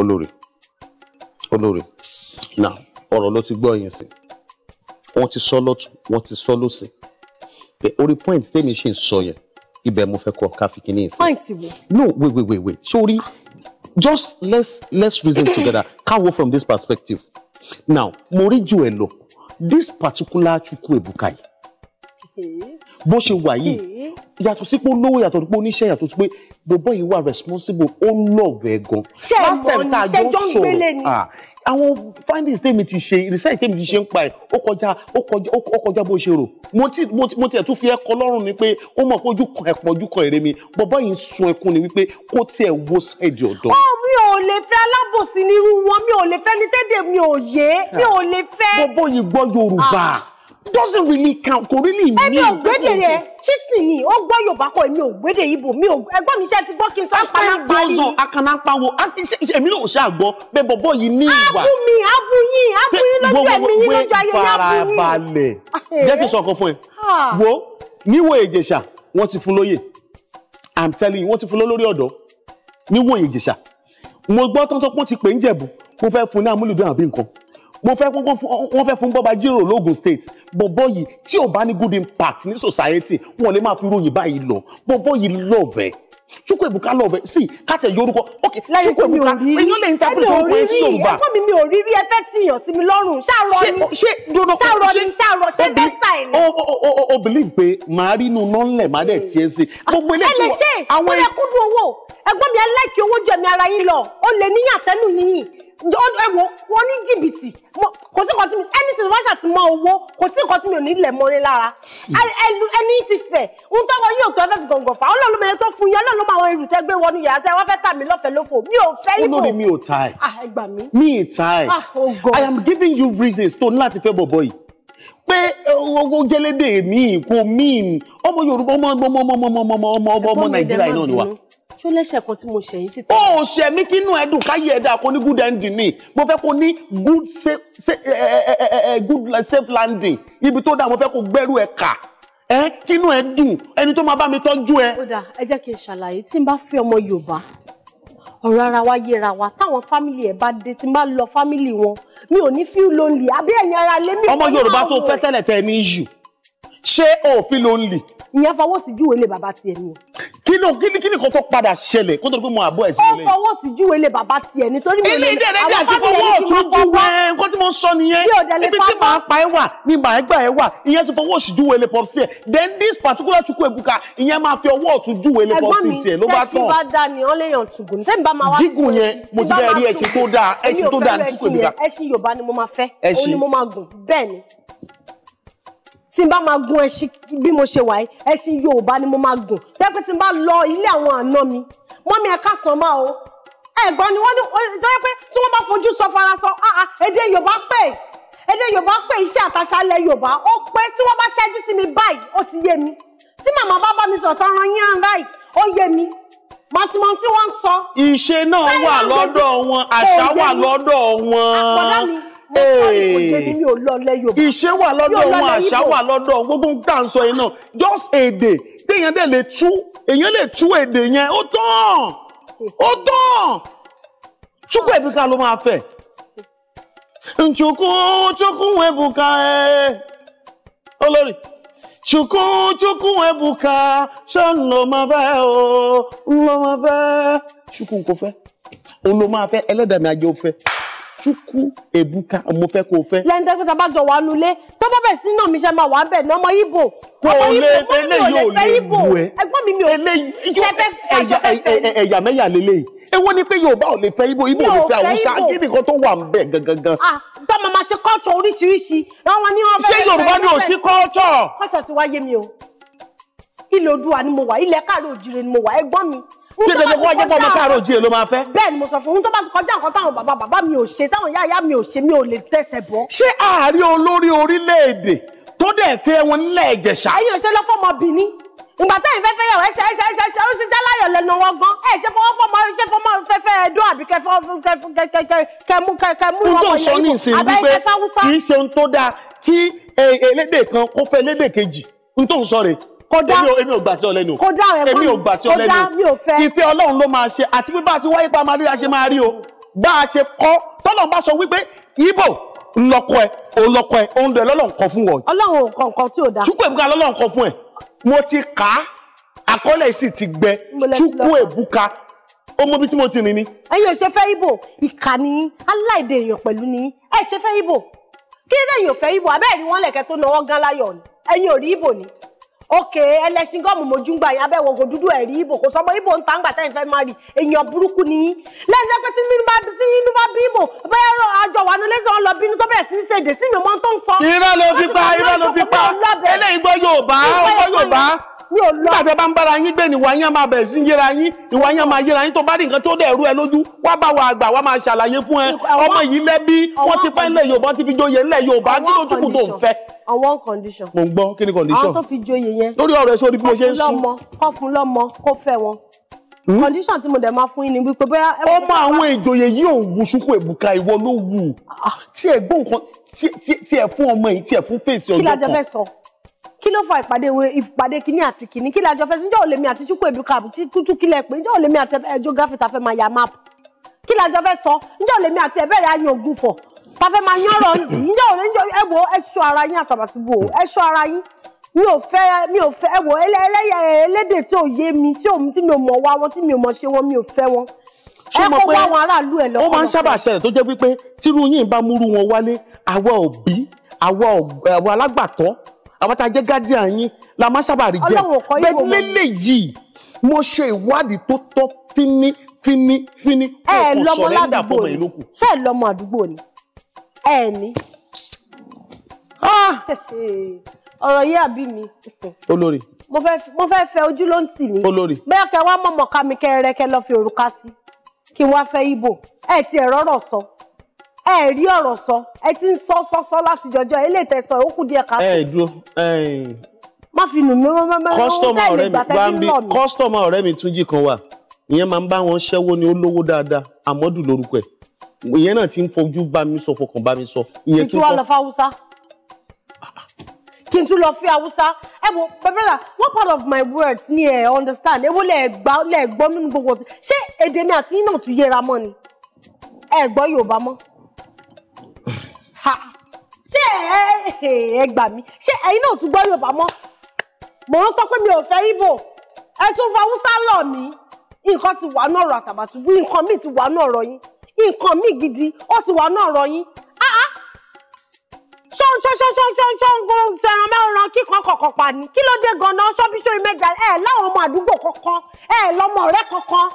olórí olórí now ọ̀rọ̀ ló ti gbọ́ yẹn sí wọ́n ti sọ lọ́tún wọ́n ti sọ lọ́sì pé orí point tèmi ṣì ń sọ yẹn ibẹ̀ mo fẹ́ kọ́ ká fi ìsìn. point wo. no wait wait wait wait sorry just let's let's reason together ká wo from this perspective now mo rí jù ẹ lọ this particular Chukwu Ebuka yìí bó ṣe wà yìí yàtọ̀ sí pé ó lówó yàtọ̀ pé oníṣẹ́ yàtọ̀ sí pé bọ̀bọ̀ yìí responsible ó lọ́ọ̀vẹ̀ gan. ṣé ìmọ̀ ni ṣé jọ́ ń gbélé ni. Ah, àwọn findings tèmi ti ṣe research tèmi ti ṣe ń pa ẹ̀ ó kọjá ó kọjá ó kọjá bó ṣe rò mo tiẹ̀ tún fi ẹ́ kọ lọ́rùn ni pé ó mọ̀ pé ojú kan ẹ̀pọ̀ ojú kan èrè mi bọ̀bọ̀ yìí ń sun ẹkún ni wípé kó tiẹ̀ wo sẹ́ẹ̀dì ọ̀dọ́. ó oh, mi ò lè fẹ́ alábòsí nírú wọn mi ò lè fẹ́ ní tẹ́tẹ̀ mi ò yé mi ò lè fẹ́. bọ̀bọ̀ yìí gbọ́ Yorùbá. Ah doesn't really count kò really mean. ẹni ògbédè rẹ chitsi ni ó gbọ́ yorùbá kọ èmi ògbédè ibo mi ẹ̀gbọ́n mi iṣẹ́ ti gbọ́ kí n sọ apanapa ni. ọsàn akanapa wo èmi náà ò ṣáà gbọ́ bẹ́ẹ̀ bọ̀bọ̀ yìí ní ìwà. abu mi abu yín abu yín lójú ẹ̀mí yín lójú ayé yín abu yín. farabalẹ̀ eh. jẹ́ kí n sọ ọkàn fún ẹ wo níwò èjèṣà wọ́n ti fún lóyè i'm telling you wọ́n ti fún lórí ọ̀dọ́ níwò èjèṣà mo gbọ́ tọ́tọ́ pọ́n ti pè ń jẹ̀bù kó fẹ́ fún ní amúlùdún àbí nǹkan mo fẹ́ wọ́n fẹ́ fún bọ́ba jíròrò lógun state bọ̀bọ́ yìí tí ò bá ní good impact ní society wọn lè máa fi ròyìn báyìí lọ bọ̀bọ́ yìí lọ́ọ̀vẹ́ chukwu ebuka lọ́ọ̀vẹ́ sí kàtẹ́ yorùkọ ok chukwu ebuka èyàn lè interpret orúkọ ẹ̀ sí yorùbá. ẹ̀fọ́ mi mi ò rí rí ẹ fẹ́ tìyàn sí mi lọ́rùn ṣàrọ̀ ni ṣàrọ̀ ni ṣàrọ̀ ṣe bẹ́ẹ̀ sáì ni. o believe pé màá rí inú nọ́ọ̀lẹ̀ má dẹ̀ hmm. tiẹ̀ sí. gbogbo ilé ah, tí wọ́n àwọn ẹ̀ ẹ̀gbọ́n mi ẹ láìkí owó ju ẹ̀mí ara yín lọ ó lè níyàn tẹ́nu níyìn ẹwọ wọn ní jìbìtì kò sí nǹkan tí mi ẹni tí mo bá ṣàtìmọ owó kò sí nǹkan tí mi ò ní lẹ̀ mọ́rí lára ẹni tí fẹ́ ń tọ́wọ́ yóò tó ẹfẹ́ fi gàngàn fà ọlọ́run mẹ́rin tó fún yẹn ọlọ́run máa irú tẹ́ gbé wọnú yàrá tẹ́ wọ́n fẹ́ tà mí lọ́fẹ̀ẹ́ lófò mi ò fẹ́ ibò olórí mi ò ta ah, ẹ̀ ẹgbà mi mi ì ta ah, ẹ̀ oh I am giving you reasons tó ní láti fẹ́ bọ̀bọ̀ yìí pé owó gẹ́lẹ́dẹ̀ mi kò mí ọmọ Yorùbá ọmọ ọmọ ọmọ ọmọ ọmọ ọmọ ọmọ Nàìjíríà náà ni wa ṣó lẹ́sẹ̀ kan tí mo ṣẹ̀ yín títẹ̀. ó ṣe mí kínú ẹ̀dùn káyé ẹ̀dá kó ní good ending ni mo fẹ́ kó ní good safe good safe landing ibi tó dáa mo fẹ́ kó gbẹ́rù ẹ̀ kà ẹ kínú ẹ dùn ẹni tó máa bá mi tọ́jú ẹ. ó dáa ẹ jẹ́ kí n ṣàlàyé tí n bá fẹ́ ọmọ Yorùbá ọ̀rọ̀ ara wa yẹra wa táwọn fámìlì ẹ̀ bá dé tí n bá lọ fámìlì wọn mi ò ní feel lonely àbí ẹ̀yin ara lé mi. ọmọ Yorùbá tó fẹ́ tẹ́lẹ̀ tẹ́ ní issue ṣé o ò lonely. ìyẹn fọwọ́ sí júwèé lè bàbá tiẹ̀ ni kí ló kí ni kí ni kan tó padà ṣẹlẹ̀ kó tó di pé mo àbọ̀ ẹ̀sìn lẹ́yìn. ó fọwọ́ sí júwe lè bàbá tiẹ̀ nítorí mi ò lè ilé ìdẹ́rẹ́dẹ́ àti fọwọ́ ọ̀tún júwe nǹkan tí mo ń sọ nìyẹn ibi tí màá pa ẹ wà ni màá gbà ẹ wà ìyẹn ti fọwọ́ sí júwe lè pọ̀ sí ẹ̀ then this particular chukwu ebuka ìyẹn máa fi ọwọ́ ọ̀tún júwe lè pọ̀ sí tiẹ̀ ló bá tán. ẹ̀gbọ́n mi tẹ́sí bá dá ni ó léèyàn tùgùn tẹ́mi bá máa wá. gígùn yẹn mo ti bẹ́ẹ̀ rí ẹṣin tó dáa ẹṣin tó dáa ní chukwu ebuka. ẹṣin Yorùbá ni mo máa fẹ́ òun ni mo máa gùn bẹ́ẹ̀ ni tí n bá máa gun ẹṣin bí mo ṣe wà yìí ẹṣin Yorùbá ni mo máa gùn pẹ́pẹ́ tí n bá lọ ilé àwọn àna mi mọ́mí ẹ káàsán máa o ẹ̀gbọ́n ni wọ́n ní ìtọ́jú pé tí wọ́n bá fojú sọ fara sọ èdè Yorùbá pè èdè Yorùbá pè iṣẹ́ àtàṣálẹ̀ Yorùbá ó pé tí wọ́n bá ṣẹ́jú sí mi báyìí ó ti yé mi tí màmá bá bá mi sọ̀tọ̀ ran yín án báyìí ó yé mi mọ̀tìmọ̀ tí wọ́n sọ. ìṣe náà wà lọ́dọ̀ wọn àṣà wà lọ́dọ̀ wọn. àpọ̀dá mi mo kọ́ ìkòyè mi ò lọ lẹ Yorùbá. ìṣe wà lọ́dọ̀ wọn àṣà wà lọ́dọ̀ gbogbo ń tà ń sọ yẹn náà just èdè téèyàn dẹ̀ lè tú èèyàn lè tú èdè yẹn ó tán ó tán Chukwu Ebuka ló máa fẹ́ Chukwu Chukwu Ebuka ẹ olórí. Chukwu Chukwu Ebuka ṣan ló máa fẹ́ o ló máa fẹ́ Chukwu kò fẹ́ òun ló máa fẹ́ ẹlẹ́dàá mi ajé ó fẹ́ chukwu ebuka mo fẹ́ kó o fẹ́. lẹ́yìn tẹ́gbẹ́ tá a bá jọ wà nulẹ̀ tó bá bẹ̀ sí náà mi ṣe máa wà bẹ̀ ní ọmọ ibo. kò lè eléyìí ò lè bu ẹ ẹ̀gbọ́n mi mi ò ṣe fẹ́ fẹ́ ẹ̀yà mẹ́yà lélẹ́yìí èwo ni pé Yorùbá ò lè fẹ́ ibo ibo ò lè fẹ́ Haúsá kí nìkan tó wà ń bẹ̀ gangan. Ah, tó máa ma ṣe kọ́ọ̀tù oríṣiríṣi. ṣé Yorùbá ni ò sí kọ́ọ̀tù. kọ́ọ̀tù ti wáyé mi o ilẹ̀ Oòduà ni mo wà ilẹ̀ Káàárọ̀ Oòjíire ni mo wà ẹ̀gbọ́n mi. ṣé tètè kọ́ jẹ́ pé ọmọ Káàárọ̀ Oòjíire ló máa fẹ́. bẹ́ẹ̀ ni mo sọ fún un tó bá ti kọjá nǹkan táwọn bàbá bàbá mi ò ṣe táwọn yáyá mi ò ṣe mi ò lè tẹ̀sẹ̀ bọ́. ṣé ààrẹ olórí orílẹ̀-èdè tó dẹ̀ fẹ́ wọn nílẹ̀ Ìjẹ̀ṣà. ẹ̀yin ò ṣe lọ fọmọ bìíní ìgbà tẹ́yìn fẹ́fẹ́ yàwó ẹ̀ṣẹ̀ ẹ̀ṣẹ̀ ẹ̀ṣẹ̀ ẹ̀ṣẹ̀ ó sì jẹ́ láyọ̀ lẹ́nu wọn gan ẹ̀ ṣe fọwọ́ fọmọ ṣe fọmọ fẹ́fẹ́ ẹ̀dọ́ àbí kẹfọ́ kẹmú kẹmú ọmọ yẹn àbẹ́yẹ fáwúsá. kì í ṣe ohun tó dáa kí e, elédè kan kó fẹ́ elédè kejì ohun tó ń sọ rèé kódà èmi ò gbà sí ọ lẹ́nu kódà èmi ò gbà sí ọ lẹ́nu ìfẹ́ Ọlọ́run ló máa ṣe àti bí bá ti wáyé pa máa rí a ṣe máa rí o bá a ṣe kọ́ tọ́lọ́run bá sọ wípé ibo ńlọkọ ẹ òun lọkọ ẹ òun dẹ lọ́lọ́run kọ fún wọn. Ọlọ́run ò nǹkan tí ò dáa. Chukwu Ebuka lọ́lọ́run kọ fún ẹ mo ti kà á àkọọ́lẹ̀ sì ti gbẹ Chukwu Ebuka ó mọ tí mo ti rìn ni. ẹ̀yin ò ṣe fẹ́ ibo ìkà ni aláìdè èèyàn pẹ̀lú ni ẹ ṣe fẹ́ ibo kí lẹ́yìn ò fẹ́ ibo abẹ́ẹ̀ ni wọ́n lẹ̀kẹ́ tó náwó gán láyọ̀ ni ẹ̀yin ò rí ibo ni òkè ẹlẹ́sìn gọ́ọ̀mù mojú ń gbà yín abẹ́wò ògò dúdú ẹ̀rí ìbò kò sọmọ ìbò ń ta ń gbà tẹ́yìn fẹ́ máa rì èèyàn burúkú ni yín lẹ́yìn pé tí inú bá tí inú bá bí ìbò bẹ́ẹ̀ àjọ wà nílé sọ lọ bínú tó bẹ̀rẹ̀ sí í ṣèdè sí mi mọ́ tó ń sọ. irọ́ ló fi pa irọ́ ló fi pa eléyìí gbọ́ Yorùbá ó gbọ́ Yorùbá mi ò bá ń bára yín gbé ni ìwà yín máa bẹ̀rẹ̀ sí yéra yín ìwà yín máa yéra yín tó bá ní nǹkan tó dẹ̀ ẹ lójú wá bá wa àgbà wá máa ṣàlàyé fún ẹ ọmọ yìí lẹ́bí wọ́n ti fẹ́ ilẹ̀ yorùbá ti fi joyè ilẹ̀ yorùbá kí ló túkù tó ń fẹ́. on one condition. mo ń gbọ́ kí ni condition. àwọn tó fi joyè yẹn. lórí ọ̀rọ̀ ẹ sórí bí mo ṣe ń sùn. kọ́ lọ́mọ kó fẹ́ wọn hmm? condition tí mo dẹ̀ máa fún yín ni wípé bóyá. ọmọ àwọn ìjòyè yìí ò wù ṣùkú èbùkà ìwọ ló wù ah, ah. tí ẹ gbọ́ nǹkan tí ẹ fún ọmọ yìí tí ẹ fún fèsì ọjọ́ kan kí la jẹ sọ kí ló fa ìpàdé ìpàdé kínní àti kínní kí lájọ fẹsẹ̀ ǹjẹ́ òlèmi àti chukwu ebuka àbútí tútú kílẹ̀ pé ǹjẹ́ òlèmi àti geography ta fẹ́ máa ya map kí lájọ fẹ́ sọ ǹjẹ́ òlèmi àti ẹ̀bẹ̀rẹ̀ ayé ogun fọ̀ ta fẹ́ máa yánrọ̀ ǹjẹ́ òlè ǹjẹ́ ẹ̀wò ẹ̀ṣọ́ ara yín àtàbàtúbò ẹ̀ṣọ́ ara yín mi ò fẹ́ mi ò fẹ́ ẹ̀wò ẹlẹ́yà ẹlẹ́dè e, tí ò yé mi tí mi ò mọ̀ wá wọn tí mi ò mọ̀ ṣe wọn mi ò fẹ́ wọn ṣé mo pé ó máa ń sábà ṣẹlẹ̀ tó jẹ́ wípé tírú yín bá múrú wọn wálé àwa òbí àwa alágbàtọ́ àwọn tá a jẹ́ guardian yín la máa sábà rí jẹ́ bẹ́ẹ̀ lélẹ́yìí mo ṣe ìwádìí tó tọ́ fínífíní fíní fún ọkọ̀ sọ̀rẹ́ńdà fọmọ ìlú kù. ṣé ẹ lọmọ àdúgbò ni ẹ ní. ọ̀rọ̀ yìí àbí mi. olórí. mo fẹ́ fẹ́ ojú ló ń tì mí. olórí. bẹ́ẹ̀ kẹ́ wá mọ̀mọ́ ká mi kẹ́ rẹ́kẹ́ lọ́ọ́ fi òrùka sí kí n wá fẹ́ ibo ẹ̀ tiẹ̀ rọ́rọ̀ sọ. So ẹ rí ọ̀rọ̀ sọ ẹ ti ń sọ sọ sọ láti jọjọ eléyìí tẹ́ sọ ó kù díẹ̀ ká. ẹ dúró má fi nù mí mọ́mọ́mọ́ ọ̀rẹ́ mi gbàǹbí kọ́sítọ́mà ọ̀rẹ́ mi túnjì kan wà ìyẹn máa ń bá wọn ṣẹ́wó ní olówó dáadáa àmọ́dù lórúkọ ẹ̀ ìyẹn náà ti ń fojú bá mi sọ fọkàn bá mi sọ. kí tún lọ fún haúsá kí lọ fi haúsá ẹ wo pẹpẹlá what part of my words ni ẹ understand Ewo lẹ gbà lẹ gbọ́ nínú gbogbo ṣé èdè mi àti yín náà tún yẹra mọ́ ni ẹ gbọ́ Yorùbá mọ́ ṣé ẹ ẹ gbà mí ṣé ẹ̀yin náà tún gbọ́ Yorùbá mọ́ mò ń sọ pé mi ò fẹ́ Ìgbò ẹ tún fa Haúsá lọ mí nǹkan ti wà náà ọ̀rọ̀ Àtàbàtúbú nǹkan míì ti wà náà ọ̀rọ̀ yín nǹkan míì gidi ó ti wà náà ọ̀rọ̀ yín ṣọ́nṣọ́nṣọ́nṣọ́nṣọ́nṣọ́n ṣẹran mẹ́ran kíkan kọ̀kan pa ni kí ló dé gan-an ṣọ́bíṣọ́rí mẹ́jà ẹ̀ láwọn ọmọ àdúgbò kankan ẹ̀ lọ́mọ ọ̀rẹ́ kankan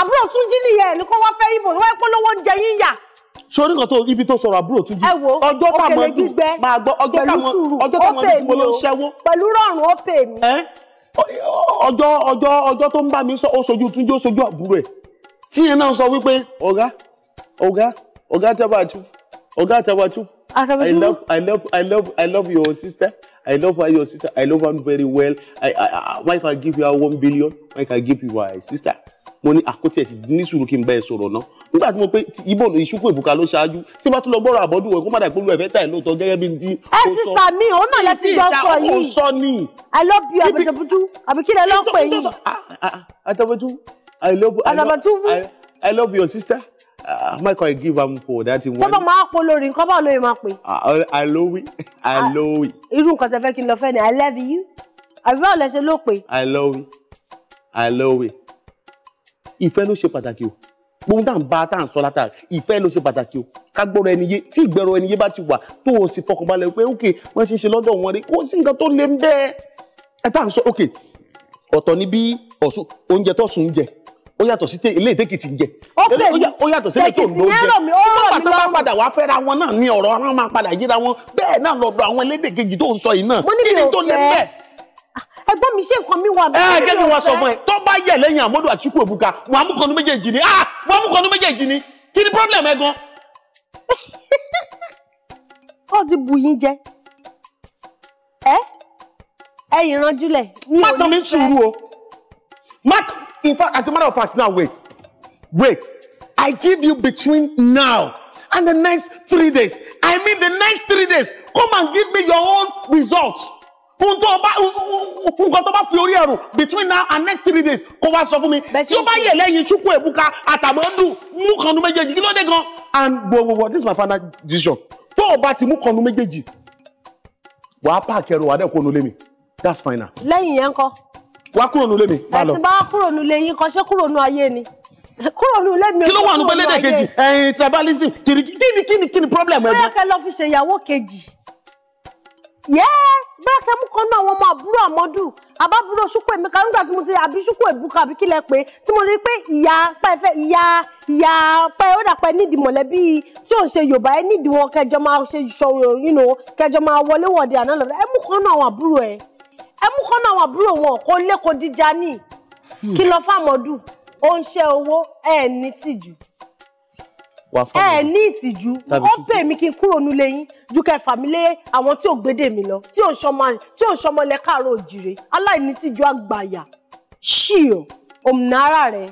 àbúrò tún jí nìyẹn ní kó wá fẹ́ Ìgbò wọ́n pé lówó ń jẹ yín yà sórí nǹkan tó ibi tó sọ̀rọ̀ àbúrò tún jí ọjọ́ táwọn ọdún máa gbọ́ ọjọ́ táwọn ọjọ́ táwọn ọdún tí mo lọ ń ṣẹ́wó. pẹ̀lú rọrùn ó pè mí. ọjọ́ ọjọ́ ọjọ́ tó ń bá mi sọ ó sojú Túnjí ó sojú àbúrò ẹ̀ tí yẹn náà sọ wípé ọ̀gá ọ̀gá ọ̀gá Tabatu ọ̀gá Tabatu I love I love I love I love your sister I love her your sister I love her very well I, I, I, why can I give you her one billion why can I give you her sister mo ní àkótí ah, ẹ̀ sì ní sùúrù kí n bá ẹ sọ̀rọ̀ náà nígbà tí mo pé ibo ìṣúkú ìbùkà ló ṣáájú tí bá tún lọ gbọ́rọ̀ àbọ́dún ẹ̀ kó má dà ìpolówó ẹ̀fẹ́ tà ẹ̀ lóòótọ́ gẹ́gẹ́ bí ti. ẹ ti sà mí òun náà lẹ ti jọ sọ yìí ó sọ ni. I love you àbẹ̀jẹ̀bùtú àbí kí lẹ lọ pè yìí. àtàbẹ̀tú ah, ah, I love I sister Michael I give am for that thing. sábà máa pọ lórí nǹkan báwo lóye máa pè. àlówí àlówí. irú nǹkan tẹ fẹ́ kí n lọ fẹ́ ni I love you àbí báwo lẹ ṣe ló pè. àlówí àlówí ìfẹ́ ló ṣe pàtàkì o gbogbo tá à ń bá tá à ń sọ látàrí ìfẹ́ ló ṣe pàtàkì o ká gbọ́rọ̀ ẹni yé tí ìgbẹ́rọ̀ ẹni yé bá ti wà tó o sì fọkànbalẹ̀ pé ok wọ́n ṣe ń ṣe lọ́dọ̀ wọn rí kó sí nǹkan tó lè ń bẹ́ẹ̀ ẹ tá à ń sọ ok ọ̀tọ̀ ni bí ọ̀sùn oúnjẹ tó sùn ń jẹ ó yàtọ̀ sí ilé ìtẹ́kìtì jẹ ó yàtọ̀ sí ilé tó ló jẹ nígbà tó bá padà wàá fẹ́ra wọn náà ni ọ̀rọ̀ wọn máa padà yíra wọn bẹ́ẹ̀ náà lọ́dọ̀ àwọn elédè kejì tó ń sọ yìí náà kí ni tó lè bẹ́ẹ̀ ẹgbọ́n mi ṣe nǹkan mi wà bẹ́ẹ̀. ẹ jẹ́ kí wọ́n sọ fún ẹ tó bá yẹ lẹ́yìn àmọ́dù àtìkú òbúka wọn amúkanú méjèèjì ni ah wọn amúkanú méjèèjì ni kí ni problem ẹ gan. ó ti bù yín jẹ ẹ ẹ ìranjúlẹ̀ ní òní fẹ́. má tán mi sùúrù o má in fact as a matter of fact now wait wait I give you between now and the next three days I mean the next three days come and give me your own results fún tó bá fún nǹkan tó bá fi orí ẹ̀rù between now and next three days kó wá sọ fún mi tí ó bá yẹ lẹ́yìn Chukwu Ebuka àtàmọ́dún mú kanu méjèèjì kí ló dé gan and gbogbo this is my final decision tó o bá ti mú kanu méjèèjì wàá páàkì ẹrù wàá dẹ̀ kó nu lé mi that's final. lẹ́yìn yẹn kọ́. wàá kúrò nu lé mi. ẹ ti bá kúrò nu lé yín kọ́ ṣé kúrò nu ayé ni kúrò ní ilé mi kí ló wà nù pé lédè kejì ẹyin tribalism kí ni kí ni kí ni problem ẹ bí. bóyá kẹ lọ fi ṣèyàwó kejì yes bóyá kẹ́ mú kan náà wọn mọ àbúrò àmọ́dù àbábúrò ṣúkú èmi kan nígbà tí mo ti àbí ṣúkú èbúkọ àbí kílẹ̀ pé tí mo rí pé ìyá pẹ́ẹ́fẹ́ ìyá ìyá pẹ́ ó dàpẹ́ nídìí mọ̀lẹ́bí tí ò ń ṣe Yorùbá ẹ nídìí wọn kẹjọ máa ṣe ṣòro yìnyín o kẹjọ máa wọlé wọ̀de àná lọ́dọ̀ ẹ mú kan náà àwọn àbúrò ẹ ẹ mú kan náà àwọn àbúrò wọn kó lé kó díjà ní hmm. kí lọ fámọ́dù ó ń ṣe owó ẹ̀ ní tìjú ẹ ní ìtìjú ó pè mí kí n kúrò nílé yín ju kẹfà mi lé àwọn tí ò gbédè mi lọ tí ò ń ṣọmọ lẹ káàárọ̀ òjìrè aláìní tìjú àgbàyà ṣíò òmìnira rẹ